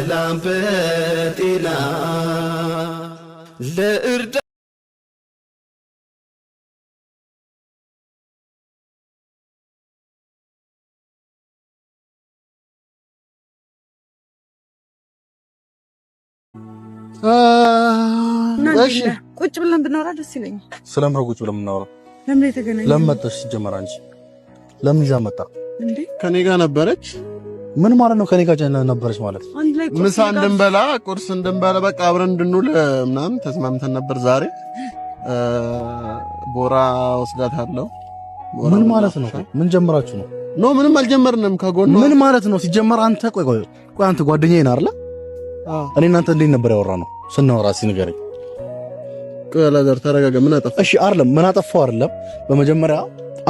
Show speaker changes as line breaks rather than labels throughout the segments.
በሰላም በጤና ለእርዳ ቁጭ ብለን ብናወራ ደስ ይለኛል።
ስለምን ነው ቁጭ ብለን ብናወራ? ለምን የተገናኘ ለምን መጣሽ? ሲጀመር አንቺ ለምን ይዛ መጣ?
ከኔ ጋር ነበረች
ምን ማለት ነው? ከኔ ጋር ጀነ ነበረች ማለት
ምሳ እንድንበላ ቁርስ እንድንበላ በቃ አብረን እንድንውል ምናምን ተስማምተን ነበር። ዛሬ ቦራ ወስዳታለሁ።
ምን ማለት ነው? ምን ጀምራችሁ ነው?
ኖ ምንም አልጀመርንም። ከጎን
ምን ማለት ነው? ሲጀመር አንተ ቆይ ቆይ ቆይ አንተ ጓደኛዬ ነህ አይደለ? እኔ እናንተ እንዴት ነበር ያወራ ነው ስናወራ ሲነገረኝ
ቀላደር ተረጋጋ። ምን አጠፋ?
እሺ አይደለም ምን አጠፋው አይደለም። በመጀመሪያ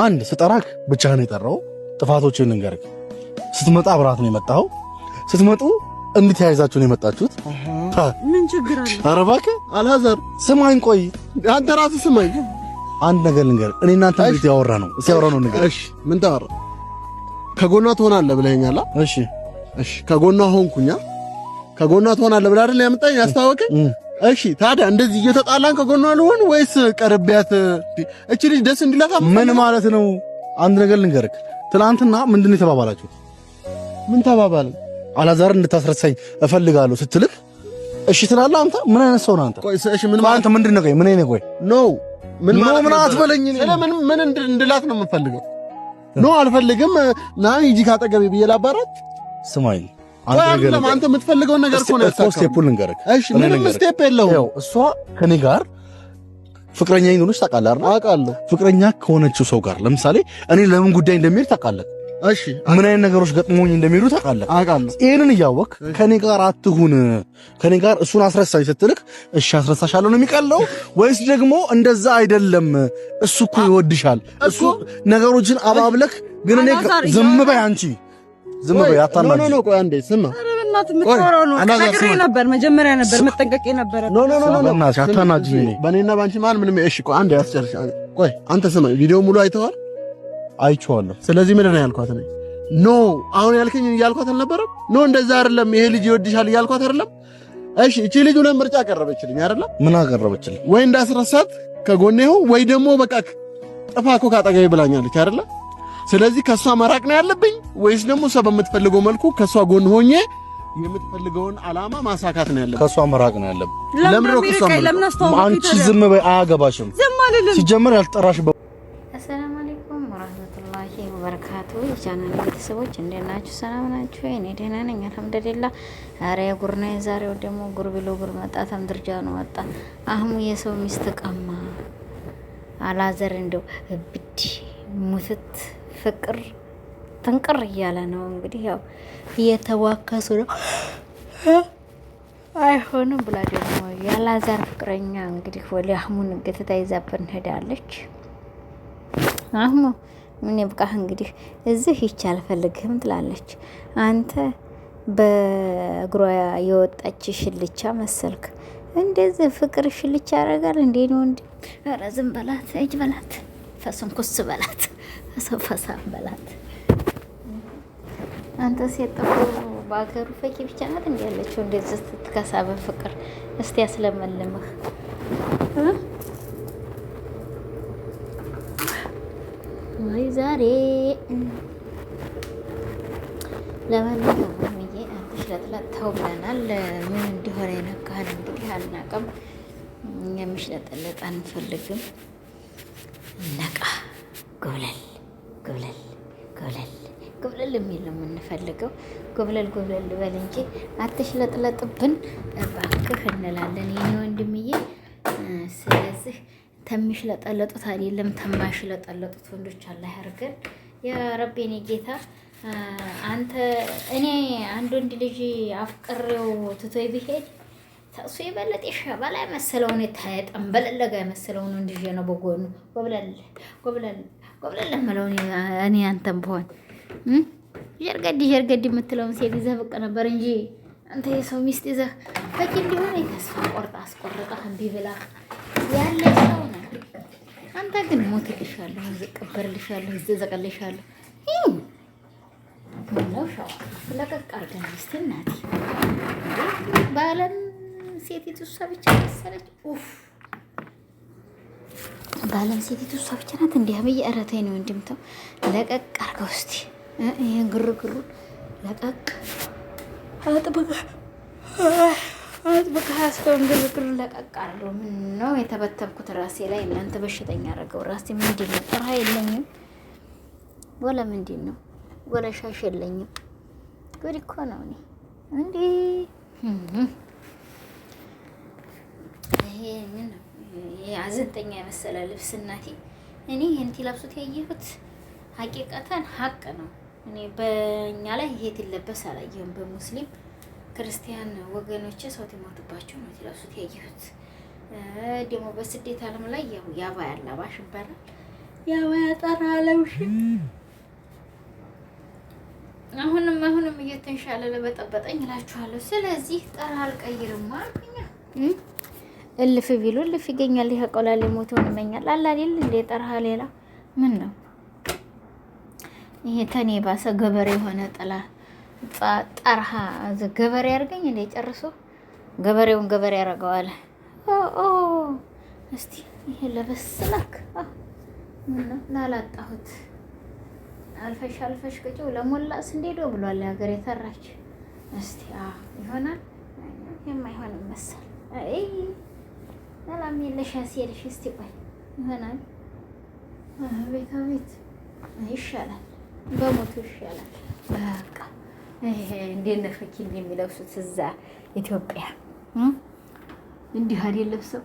አንድ ስጠራክ ብቻህን የጠራው ጥፋቶችን ንገረኝ ስትመጣ አብራት ነው የመጣው። ስትመጡ እንዴት ያይዛችሁ ነው የመጣችሁት።
ምን ችግር አለ?
ኧረ እባክህ አልሀዘር ስማኝ፣ ቆይ አንተ ራስህ ስማኝ።
አንድ ነገር ልንገርህ፣ እኔ እናንተ እንዴት ያወራ ነው ሲያወራ ነው ነገር።
እሺ ምን ታወራ? ከጎኗ ትሆናለህ ብለኸኛል። እሺ እሺ፣ ከጎኗ ሆንኩኛ። ከጎኗ ትሆናለህ ብለህ አይደል ያመጣኝ ያስታወቀኝ። እሺ ታዲያ እንደዚህ እየተጣላን ከጎኗ ልሆን ወይስ ቀርቤያት እቺ ልጅ ደስ እንዲላታ?
ምን ማለት ነው? አንድ ነገር ልንገርክ። ትናንትና ምንድን ነው የተባባላችሁት? ምን ተባባል? አላዛር እንድታስረሳኝ እፈልጋለሁ ስትልህ እሺ ትላለህ። አንተ ምን አይነት ሰው ነህ አንተ? ቆይ እሺ ምን ማለት ነው? ምንድን ነው? ቆይ ምን አይነት ቆይ
ኖ ምን ማለት ነው? አትበለኝ። ስለምን ምን እንድላት ነው የምፈልገው? ኖ አልፈልግም። ና ሂጂ ካጠገቤ ብዬ ላባራት። ስማኝ አንተ የምትፈልገውን ነገር እኮ ነው
ያሳካው። ስቴፑን ልንገርህ።
እሺ ምንም ስቴፕ የለውም።
ያው እሷ ከኔ ጋር ፍቅረኛ እንደሆነች ታውቃለህ አይደል? አውቃለሁ። ፍቅረኛ ከሆነችው ሰው ጋር ለምሳሌ እኔ ለምን ጉዳይ እንደሚሄድ ታውቃለህ እሺ ምን አይነት ነገሮች ገጥሞኝ እንደሚሄዱ ታውቃለህ። ይሄንን እያወቅህ ከኔ ጋር አትሁን፣ ከኔ ጋር እሱን አስረሳኝ ስትልክ እሺ አስረሳሻለሁ ነው የሚቀለው ወይስ ደግሞ እንደዛ አይደለም፣ እሱ እኮ ይወድሻል፣ እሱ ነገሮችን አባብለክ ግን እኔ ዝም በይ አንቺ ዝም በይ አታናግሪ።
ኖ ኖ ቆይ አንዴ ስማ
ነበር መጀመሪያ ነበር መጠንቀቅ ነበር።
ኖ ኖ ኖ
ኖ አታናግሪ።
በእኔና በአንቺ መሀል ምንም። እሺ ቆይ አንዴ አስጨርሽ። ቆይ አንተ ስማ፣ ቪዲዮ ሙሉ አይተዋል አይቼዋለሁ። ስለዚህ ምንድን ነው ያልኳት? ኖ አሁን ያልከኝ እያልኳት አልነበረም? ኖ እንደዛ አይደለም፣ ይሄ ልጅ ይወድሻል እያልኳት አይደለም? እሺ እቺ ልጅ ሁለት ምርጫ አቀረበችልኝ አይደለም?
ምን አቀረበችልኝ?
ወይ እንዳስረሳት ከጎኔ ይሁን ወይ ደግሞ በቃ ጥፋ እኮ ካጠገቤ ብላኛለች አይደለም? ስለዚህ ከእሷ መራቅ ነው ያለብኝ ወይስ ደግሞ እሷ በምትፈልገው መልኩ ከእሷ ጎን ሆኜ የምትፈልገውን አላማ ማሳካት ነው ያለብህ።
ከእሷ መራቅ ነው ያለብህ።
ለምን ነው ከሷ?
አንቺ ዝም በይ፣ አያገባሽም። ዝም አልልም። ሲጀመር ያልጠራሽ
ቻናል ቤተሰቦች እንዴት ናችሁ? ሰላም ናችሁ? እኔ ደህና ነኝ አልሐምዱሊላህ። አረ የጉር ነው የዛሬው ደግሞ ጉር ብሎ ጉር መጣ። ተምድርጃ ነው ወጣ። አህሙ የሰው ሚስት ቀማ። አላዘር እንደው እብድ ሙትት ፍቅር ጥንቅር እያለ ነው እንግዲህ ያው እየተዋከሱ ነው። አይሆንም ብላ ደግሞ ያላዛር ፍቅረኛ እንግዲህ ወደ አህሙን እገተታ ይዛብን ሄዳለች አህሙ ምን ይብቃህ እንግዲህ እዚህ ይቺ አልፈልግህም ትላለች። አንተ በእግሯ የወጣች ሽልቻ መሰልክ። እንደዚህ ፍቅር ሽልቻ ያደርጋል እንዴ ነው እንዴ? ኧረ ዝም በላት፣ እጅ በላት፣ ፈስንኩስ በላት፣ ፈሳም በላት። አንተ ሴት ጥሩ ፈቂ ብቻ ናት እንዲ ያለችው እንደዚህ ስትከሳ በፍቅር እስቲ ያስለመልምህ። ወይ ዛሬ ለማንኛውም ምዬ አዲስ ለጥለጥተው ብለናል። ምን እንደሆነ የነካህን እንግዲህ አልናቅም። የምሽለጠለጥ አንፈልግም። ነቃ ጎብለል ጎብለል ጎብለል ጎብለል የሚል ነው የምንፈልገው። ጎብለል ጎብለል በል እንጂ አትሽለጥለጥብን እባክህ እንላለን የኔ ወንድምዬ። ስለዚህ ተሚሽ ለጠለጡት አይደለም ተማሽ ለጠለጡት ወንዶች አላህ ያርገን። የረቤኔ ጌታ አንተ እኔ አንድ ወንድ ልጅ አፍቅሬው ትቶይ ቢሄድ ተሱ የበለጠ ሻባላ መሰለውን የታያጣም በለለጋ መሰለውን ወንድ ልጅ ነው በጎኑ ጎብለል ጎብለል ጎብለል መለውን እኔ አንተም በሆን ጀርገድ ጀርገድ የምትለውን ሴት ይዘህ ብቅ ነበር እንጂ አንተ የሰው ሚስት ይዘህ ፈጅ እንዲሆነ ተስፋ ቆርጣ አስቆርጣ እምቢ ብላ ያለ ሰው አንተ ግን ሞትልሻለሁ፣ ቀበርልሻለሁ፣ ይዘዘቅልሻለሁ። ምነው ሻዋ ለቀቅ አድርገን እስኪ እናቴ በዓለም ሴቲቱ እሷ ብቻ መሰለች። ኡፍ በዓለም ሴቲቱ እሷ ብቻ ናት። እንዲህ አብይ እረተኝ ነው እንድምተው ለቀቅ አድርገው እስኪ ይህን ግርግሩን ለቀቅ አጥብቀህ ማለት በቃ ሀያስተውን ግርግር ለቀቅ ምን ነው የተበተብኩት ራሴ ላይ እናንተ በሽተኛ ያደረገው ራሴ ምንድን ነው? ጥራ የለኝም ወለ ምንድን ነው ወለ ሻሽ የለኝም። ጉድ እኮ ነው። እኔ እንዲ ይህንን አዘንጠኛ የመሰለ ልብስ እናቴ እኔ ይህንቲ ለብሱት ያየሁት ሀቂቀተን ሀቅ ነው። እኔ በእኛ ላይ ይሄት ትለበስ አላየሁም በሙስሊም ክርስቲያን ወገኖች ሰውት ትሞትባቸው ነው ትለሱት ያየሁት። ደግሞ በስደት ዓለም ላይ ያው ያባ ያላባሽ ይባላል ያባ ያጠራ አለምሽ አሁንም አሁንም እየተንሻለለ በጠበጠኝ እላችኋለሁ። ስለዚህ ጠራ አልቀይርም ማኛ እልፍ ቢሉ እልፍ ይገኛል። ይህ ቆላ ሞተውን ይመኛል አላሌል እንዴ ጠርሃ ሌላ ምን ነው ይሄ ተኔ ባሰ ገበሬ የሆነ ጥላ ጠርሃ ገበሬ አድርገኝ እንደ ጨርሶ ገበሬውን ገበሬ ያደርገዋል። እስቲ ይሄ ለበስላክ ላላጣሁት አልፈሽ አልፈሽ ቅጭው ለሞላ ስንዴዶ ብሏል ሀገር የተራች እስቲ ይሆናል የማይሆን መሰል ሰላም የለሽ አስየለሽ እስቲ ቆይ ይሆናል ቤታ ቤት ይሻላል በሞቱ ይሻላል በቃ እንዴነ ፈኪል የሚለብሱት እዛ ኢትዮጵያ እንዲህ አይደል ለብሰው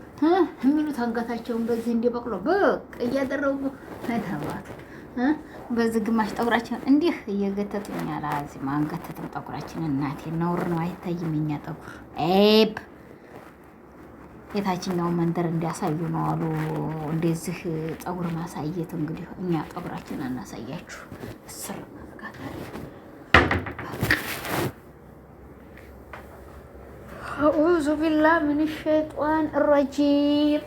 የሚሉት አንገታቸውን በዚህ እንደ በቅሎ ብቅ እያደረጉ ተባቱ። በዚህ ግማሽ ጠጉራችን እንዲህ እየገተቱኛ አላዚም አንገተትም ጠጉራችን እናቴ ነውር ነው፣ አይታይም። የኛ ጠጉር ኤብ የታችኛው መንደር እንዲያሳዩ ነው አሉ። እንደዚህ ጠጉር ማሳየት እንግዲህ እኛ ጠጉራችን አናሳያችሁ እስር አዑዙ ቢላ ምን ሸጧን ረጂም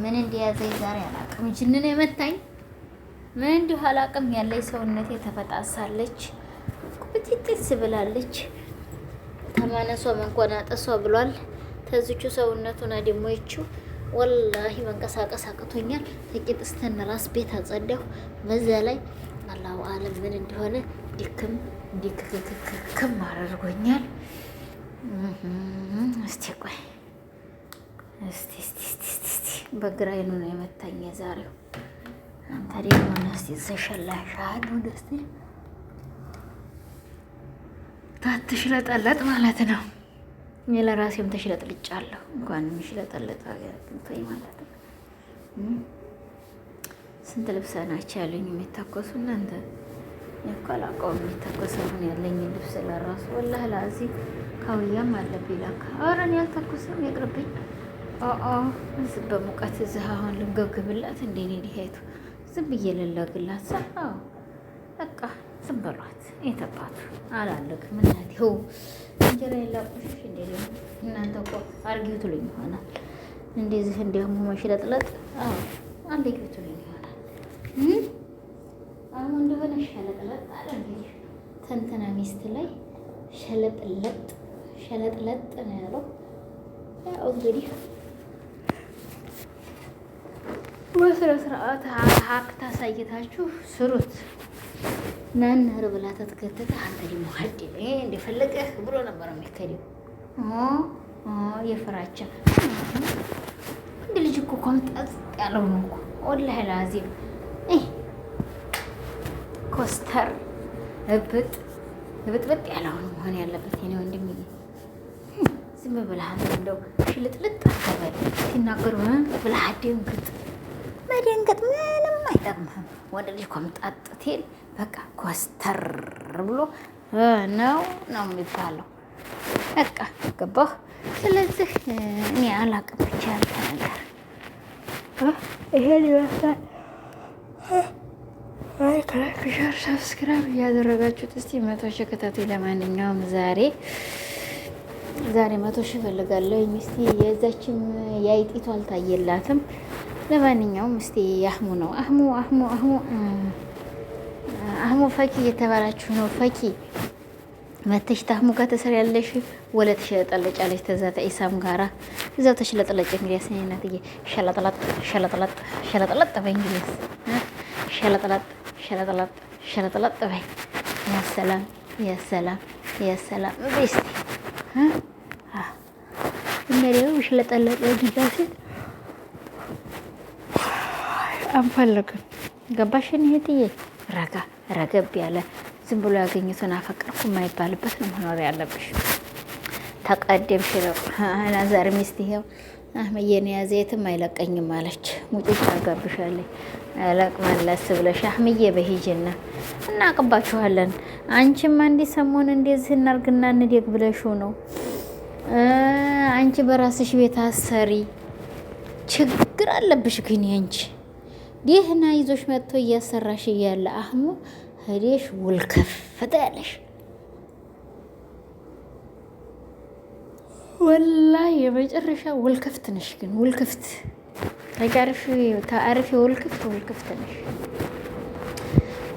ምን እንደያዘኝ ዛሬ አላቅም። ጅንን የመታኝ ምን እንዲሁ አላቅም። ያለኝ ሰውነቴ ተፈጣሳለች፣ ቁጥጥስ ብላለች። ተማነሷ መንኮናጠሷ ብሏል። ተዝቹ ሰውነቱና ደሞችው ወላሂ መንቀሳቀስ አቅቶኛል። ጥቂት እስተን ራስ ቤት አጸዳሁ። በዛ ላይ አላሁ አለም ምን እንደሆነ ድክም ድክክክክም አደርጎኛል። እስቲ ቆይ እስቲ እስቲ እስቲ እስቲ በግራ አይኑ ነው የመታኝ የዛሬው። አንተ ደግሞ እስቲ ዘሸላሻል ወደ ታትሽለጠለጥ ማለት ነው። እኔ ለራሴም ተሽለጥልጫለሁ። እንኳን የሚሽለጠለጥ ሀገር ማለት ነው። ስንት ልብሰናቸው ያለኝ የሚታኮሱ እናንተ ይቆላቀው የሚተኮስ አሁን ያለኝ ልብስ ለራሱ ወላህ ላዚ ካውያም አለብኝ ላካ አረን ያልተኮሰም ይቅርብኝ። ኦኦ ዝም በሙቀት እዚህ አሁን ልምገብግብላት እንደኔ ሊሄቱ ዝም ብዬ ልለግላት ሰው በቃ ዝም በሏት። የተባቱ አላለቅ ምናት ይኸው እንጀራ የላቁሽሽ እንደ እናንተ እኮ አርጊው ትሉኝ ይሆናል እንደዚህ እንዲያሙ መሽለጥለጥ አዎ ትሉኝ ይሆናል ሀራሙ እንደሆነ ሸለጥለጥ አለ እንግዲህ ሚስት ላይ ሸለጥለጥ ሸለጥለጥ ነው ያለው። ያው እንግዲህ በስነ ስርዓት ሀክታ አሳይታችሁ ስሩት። ናንህር ብላ ተትከተተ አንተ ደግሞ ሀድ እንደፈለገህ ብሎ ነበር የሚከደው የፍራቻ እንደ ልጅ እኮ ኮምጣጥ ያለው ነው እኮ ወላሂ ላዚም ኮስተር እብጥ እብጥብጥ ያለውን መሆን ያለበት የኔ ወንድም፣ ዝም ብለሃል እንደው ሽልጥልጥ አትበል። ሲናገሩ ብለህ አትደንግጥ። መደንገጥ ምንም አይጠቅምህም። ወንድ ልጅ ኮምጣጥ በቃ ኮስተር ብሎ ነው ነው የሚባለው። በቃ ገባህ? ስለዚህ እኔ አላቅም ብቻ ይሄ ሊመስላል። ላይክ ላይክ ሸር ሰብስክራይብ እያደረጋችሁት እስቲ መቶ ሺህ ከታተይ። ለማንኛውም ዛሬ ዛሬ መቶ ሺህ እፈልጋለሁ። ሚስቲ የዛችን ያይጢቱ አልታየላትም። ለማንኛውም እስቲ አህሙ ነው አህሙ አህሙ አህሙ አህሙ ፈኪ እየተባላችሁ ነው። ፈኪ መተሽ ታህሙ ጋር ተሰሪያለሽ ወለ ተሽለጠለጭ አለች። ተዛ ኢሳም ጋራ እዛው ተሽለጠለጭ። እንግዲያስ እናትዬ ሸለጠለጥ ሸለጠለጥ ሸለጠለጥ በእንግዲያስ ሸለጠለጥ ሸለጠለጥ ሸለጠለጥ በይ። ያሰላም ያሰላም ያሰላም ቤስቲ እኛ ሸለጠለጥ ጊዳ ሴት አንፈልግም። ገባሽን? ይሄትዬ ረጋ ረገብ ያለ ዝም ብሎ ያገኘቱን አፈቀርኩ የማይባልበት ነው መኖር ያለብሽ። ተቀደምሽ ነው ዛሬ ሚስት ይሄው አህምዬን የያዘ የትም አይለቀኝም አለች። ሙጭጭ አጋብሻለኝ ለቅ መለስ ብለሽ አህምዬ በሂጅና እናቅባችኋለን። አንቺም አንዲ ሰሞን እንደዚህ እናርግና እንደግ ብለሽ ነው አንቺ በራስሽ ቤት አሰሪ ችግር አለብሽ። ግን ያንቺ ደህና ይዞሽ መጥቶ እያሰራሽ እያለ አህሙ ሄደሽ ውልከፍ ፈጠያለሽ ወላ የመጨረሻ ውልክፍት ነሽ ግን ውልክፍት ተጨርሽ ተአርፊ ውልክፍት ውልክፍት ነሽ።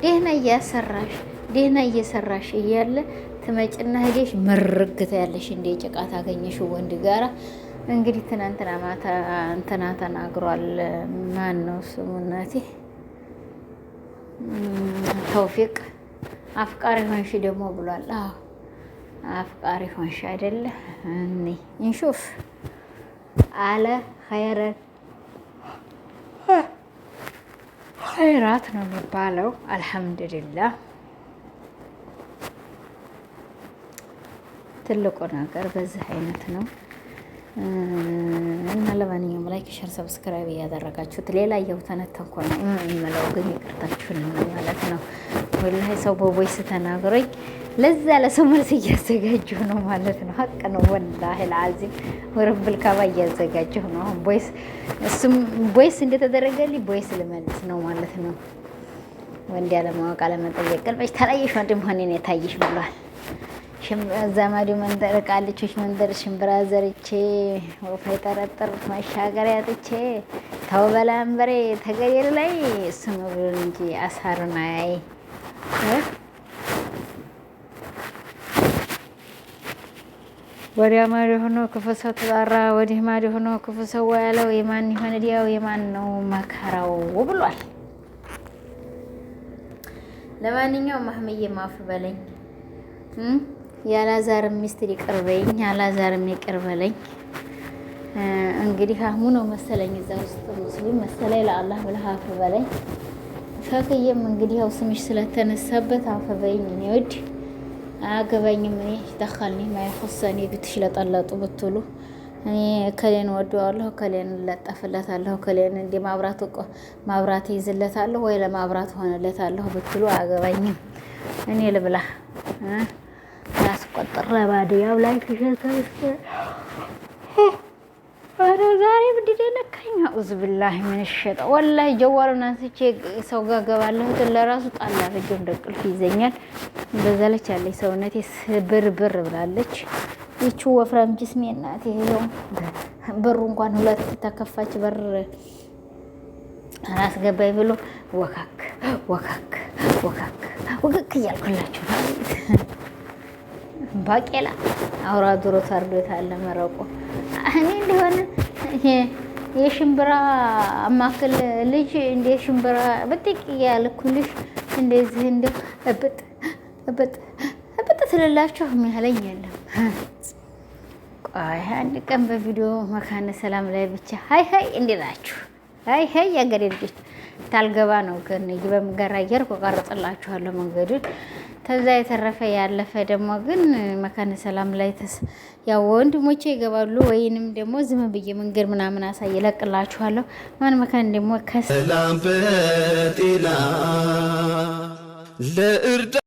ደህና እያሰራሽ ደህና እየሰራሽ እያለ ትመጭና ሄደሽ መርግታ ያለሽ እንደ ጭቃ ታገኘሽ ወንድ ጋራ። እንግዲህ ትናንትና ማታ እንትና ተናግሯል። ማን ነው ስሙናቴ? ተውፊቅ አፍቃሪ ሆንሽ ደግሞ ብሏል። አዎ አፍቃሪ ሆንሽ አይደለ? እኔ እንሹፍ አለ ኸይረ ኸይራት ነው የሚባለው። አልሐምዱሊላህ ትልቁ ነገር በዚህ አይነት ነው እና ለማንኛውም ላይክ፣ ሸር፣ ሰብስክራይብ እያደረጋችሁት ሌላ እየውተነተንኮ ነው የምለው ግን ይቅርታችሁን ማለት ነው። ወላሂ ሰው በቦይስ ተናግሮኝ ለዛ ለሰው መልስ እያዘጋጀሁ ነው ማለት ነው። ሀቅ ነው ወላሂ ልዓዚም ወረብል ካባ እያዘጋጀሁ ነው። አሁን ቦይስ እሱም ቦይስ እንደተደረገልኝ ቦይስ ልመልስ ነው ማለት ነው። ወንድ ያለማወቅ አለመጠየቅ ቅልበሽ ተለየሽ ወንድ መሆኔን የታየሽ ብሏል። ዘመዱ መንደር ቃልቾች መንደር ሽምብራ ዘርቼ ወፋ የጠረጠር መሻገሪያ ጥቼ ተው በላንበሬ ተገደል ላይ እሱ መብሉን እንጂ አሳሩን አይ ወዲያ ማዶ ሆኖ ክፉ ሰው ተጣራ፣ ወዲህ ማዶ ሆኖ ክፉ ሰው ያለው የማን ይሆን እዲያው የማን ነው መከራው ብሏል። ለማንኛውም አህመዬ ማፍ በለኝ፣ ያላዛር ሚስትር ይቅር በይኝ፣ ያላዛርም እንግዲህ አህሙ ነው መሰለኝ እዛ ውስጥ ሙስሊም መሰለኝ፣ ለአላህ ብለህ አፍ በለኝ። ፈክዬም እንግዲህ ያው ስምሽ ስለተነሳበት አፈበኝ እኔ ወድ አያገባኝም። እኔ ይተኻልኒ ማይኮሰኔ ብትሽ ለጠለጡ ብትሉ እኔ ከሌን ወደዋለሁ፣ ከሌን እለጠፍለታለሁ፣ ከሌን እንዲህ ማብራት ማብራት ይዝለታለሁ ወይ ለማብራት ሆነለታለሁ ብትሉ አያገባኝም። እኔ ልብላ ያስቆጥረ ባድ ያው ላይ ዛሬ ብድዴ ነካኝ። አዑዝ ብላህ ምንሸጠ ወላሂ ጀዋሉን አንስቼ ሰው ጋር ገባለሁት ለራሱ ጣላ ረጀም ደቅልፍ ይዘኛል። በዛ ለች ያለች ሰውነቴ ስብርብር ብላለች። ይቺ ወፍራም ጅስሜ እናቴ ይሄው በሩ እንኳን ሁለት ተከፋች በር አላስገባኝ ብሎ ወካክ ወካክ ወካክ ወካክ እያልኩላችሁ ባቄላ አውራ ዶሮ ታርዶታል መረቁ እኔ እንዲሆነ የሽምብራ አማክል ልጅ እንደ ሽምብራ ብጥቅ ያልኩልሽ እንደዚህ እንደው እብጥ እብጥ እብጥ ስልላችሁ የሚያለኝ የለም። ቆይ አንድ ቀን በቪዲዮ መካነ ሰላም ላይ ብቻ ሀይ ሀይ እንዴት ናችሁ? ሀይ ሀይ ያገሬ ልጆች ታልገባ ነው ግን በምገራ አየር ቆቀረጽላችኋለሁ መንገዱን ከዛ የተረፈ ያለፈ ደግሞ ግን መካነ ሰላም ላይ ያው ወንድሞቼ ይገባሉ፣ ወይንም ደግሞ ዝም ብዬ መንገድ ምናምን አሳይ እለቅላችኋለሁ። ማን መካን ደግሞ ከሰላም በጤና ለእርዳ